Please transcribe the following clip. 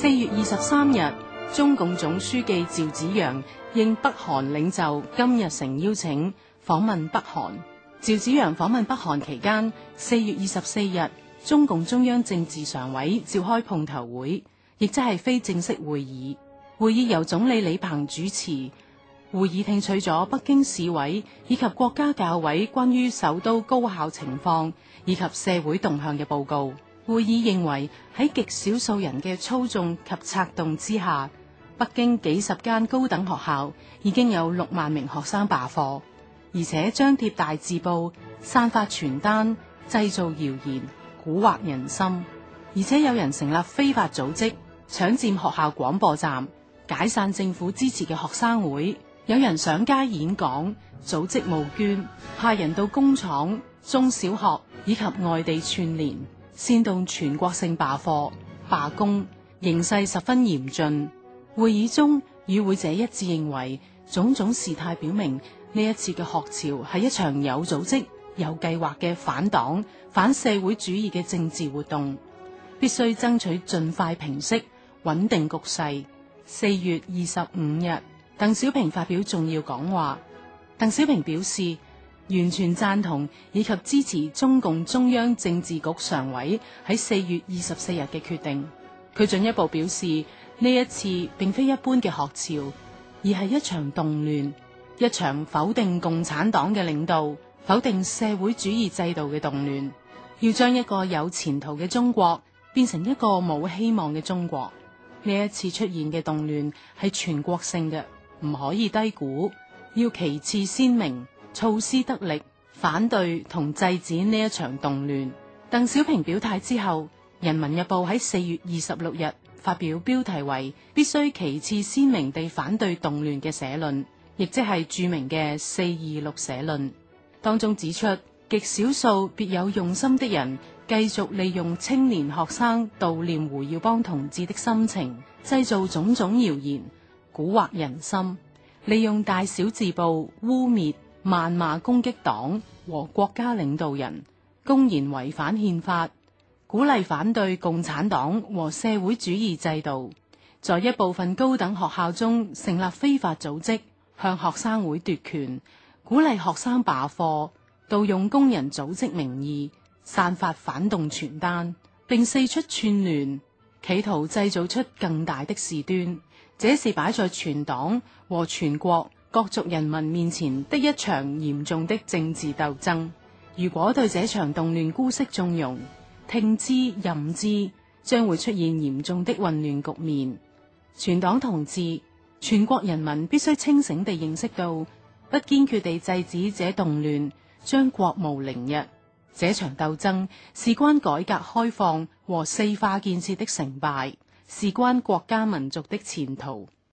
四月二十三日，中共總書記趙紫陽應北韓領袖金日成邀請訪問北韓。趙紫陽訪問北韓期間，四月二十四日，中共中央政治常委召開碰頭會，亦即係非正式會議。會議由總理李鵬主持。會議聽取咗北京市委以及國家教委關於首都高校情況以及社會動向嘅報告。會議認為喺極少數人嘅操縱及策動之下，北京幾十間高等學校已經有六萬名學生罷課，而且張貼大字報、散發傳單、製造謠言、蠱惑人心，而且有人成立非法組織、搶佔學校廣播站、解散政府支持嘅學生會，有人上街演講、組織募捐、派人到工廠、中小學以及外地串聯，煽動全國性罷課、罷工，形勢十分嚴峻。會議中與會者一致認為，種種事態表明呢一次嘅學潮係一場有組織、有計劃嘅反黨、反社會主義嘅政治活動，必須爭取盡快平息，穩定局勢。四月二十五日，鄧小平發表重要講話。鄧小平表示，完全贊同以及支持中共中央政治局常委喺四月二十四日嘅決定。佢進一步表示，呢一次並非一般嘅學潮，而係一場動亂，一場否定共產黨嘅領導、否定社會主義制度嘅動亂，要將一個有前途嘅中國變成一個冇希望嘅中國。呢一次出現嘅動亂係全國性嘅，唔可以低估，要旗幟鮮明，措施得力，反對同制止呢一場動亂。鄧小平表態之後，《人民日報》喺四月二十六日發表標題為《必須旗幟鮮明地反對動亂》嘅社論，亦即係著名嘅《四二六社論》，當中指出，極少數別有用心的人繼續利用青年學生悼念胡耀邦同志的心情，製造種種謠言，蠱惑人心，利用大小字報污衊謾罵攻擊黨和國家領導人，公然違反憲法，鼓勵反對共產黨和社會主義制度，在一部分高等學校中成立非法組織，向學生會奪權，鼓勵學生罷課，盜用工人組織名義散發反動傳單，並四出串聯企圖製造出更大的事端。這是擺在全黨和全國。各族人民面前的一場嚴重的政治鬥爭，如果對這場動亂姑息縱容、聽之任之，將會出現嚴重的混亂局面。全黨同志、全國人民必須清醒地認識到，不堅決地制止這動亂，將國無寧日。這場鬥爭事關改革開放和四化建設的成敗，事關國家民族的前途。